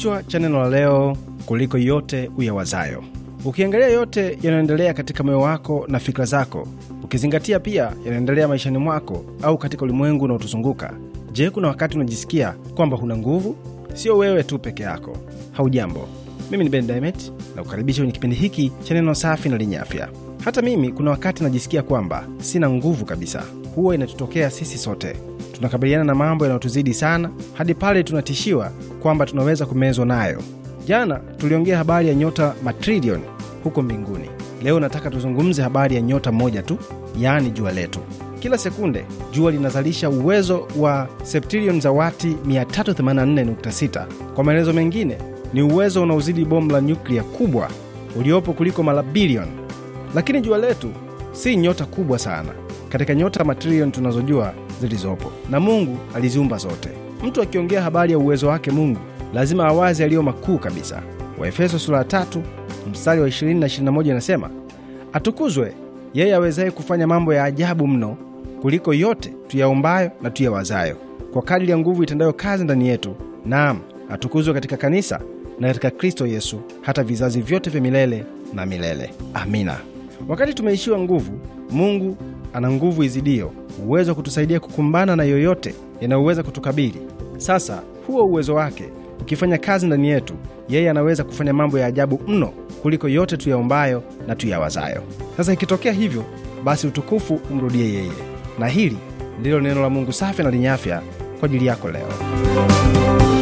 kichwa cha neno la leo, kuliko yote uyawazayo. Ukiangalia yote yanayoendelea katika moyo wako na fikra zako, ukizingatia pia yanaendelea maishani mwako au katika ulimwengu unaotuzunguka, je, kuna wakati unajisikia kwamba huna nguvu? Sio wewe tu peke yako. Haujambo, mimi ni Ben na kukaribisha kwenye kipindi hiki cha neno safi na lenye afya. Hata mimi kuna wakati najisikia kwamba sina nguvu kabisa huwa inatutokea sisi sote. Tunakabiliana na mambo yanayotuzidi sana hadi pale tunatishiwa kwamba tunaweza kumezwa nayo. Jana tuliongea habari ya nyota matrilioni huko mbinguni. Leo nataka tuzungumze habari ya nyota moja tu, yaani jua letu. Kila sekunde jua linazalisha uwezo wa septilioni za wati 384.6. Kwa maelezo mengine, ni uwezo unaozidi bomu la nyuklia kubwa uliopo kuliko mara bilioni. Lakini jua letu si nyota kubwa sana, katika nyota matrilioni tunazojua zilizopo, na Mungu aliziumba zote. Mtu akiongea habari ya uwezo wake Mungu lazima awazi aliyo makuu kabisa. Waefeso sura ya tatu mstari wa 20 na 21 inasema, atukuzwe yeye awezaye kufanya mambo ya ajabu mno kuliko yote tuyaombayo na tuyawazayo, kwa kadiri ya nguvu itendayo kazi ndani yetu. Naam, atukuzwe katika kanisa na katika Kristo Yesu hata vizazi vyote vya milele na milele. Amina. Wakati tumeishiwa nguvu, Mungu ana nguvu izidio, uwezo wa kutusaidia kukumbana na yoyote yanayoweza kutukabili. Sasa huo uwezo wake ukifanya kazi ndani yetu, yeye anaweza kufanya mambo ya ajabu mno kuliko yote tuyaombayo na tuyawazayo. Sasa ikitokea hivyo, basi utukufu umrudie yeye. Na hili ndilo neno la Mungu safi na lenye afya kwa ajili yako leo.